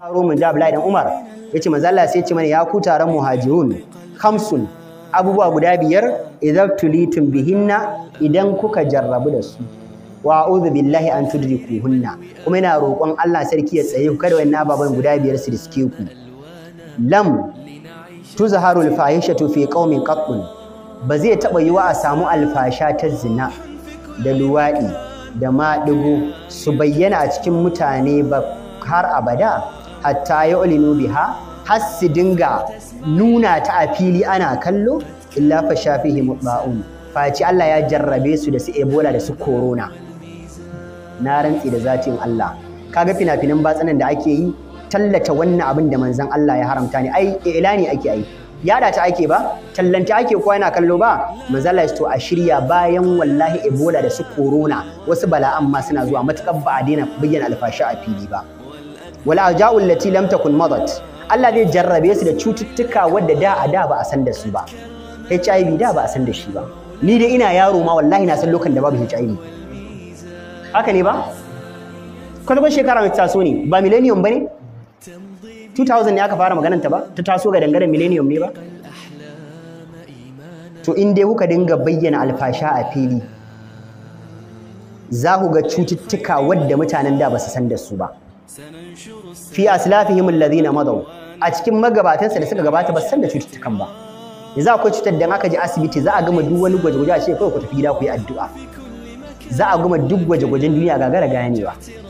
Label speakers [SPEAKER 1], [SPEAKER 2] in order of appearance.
[SPEAKER 1] haro mun ji dan Umar yace ce Allah sai ce mana ya ku taron muhajirun khamsun abubuwa guda biyar idza tulitum bihinna idan kuka jarrabu da su wa a'udhu billahi an tudrikuhunna kuma ina roƙon Allah sarki ya tsaye ku kada wannan ababan guda biyar su riske ku lam tuzharu al-fahishatu fi qaumin qattun ba zai taba yiwa a samu alfasha ta zina da luwaɗi da maɗigo su bayyana a cikin mutane ba har abada hatta yu'linu biha har dinga nuna ta a fili ana kallo illa fa shafihi mutba'un faci Allah ya jarrabe su da su ebola da su corona na rantsi da zatin Allah kaga fina-finan batsanan da ake yi tallata wannan abin da manzon Allah ya haramta ne ai ilani ake yi da ta ake ba tallanta ake kowa yana kallo ba manzala to a shirya bayan wallahi ebola da su corona wasu bala'an ma suna zuwa matakan ba a daina bayyana alfashi a fili ba Wala aja'u allati lam takun madat Allah zai jarrabe su da cututtuka wadda da a da ba a san da su ba HIV da ba a san da shi ba ni dai ina yaro ma wallahi na san lokacin da babu HIV haka ne ba kwalkwal shekara mai taso ne ba millennium ba ne 2000 ne aka fara ta ba ta taso ga dangare millennium ne ba to in dai kuka dinga bayyana alfasha a fili za ku ga cututtuka wadda mutanen da ba su san da su ba fi aslafihim alladhina madaw a cikin magabatansa da suka gabata ba san da cututtukan ba za akwai cutar da aka je asibiti za a gama duk wani gwaje-gwaje a ce kawai ku tafi gida ku yi addu'a za a gama duk gwaje-gwajen duniya gagara ganewa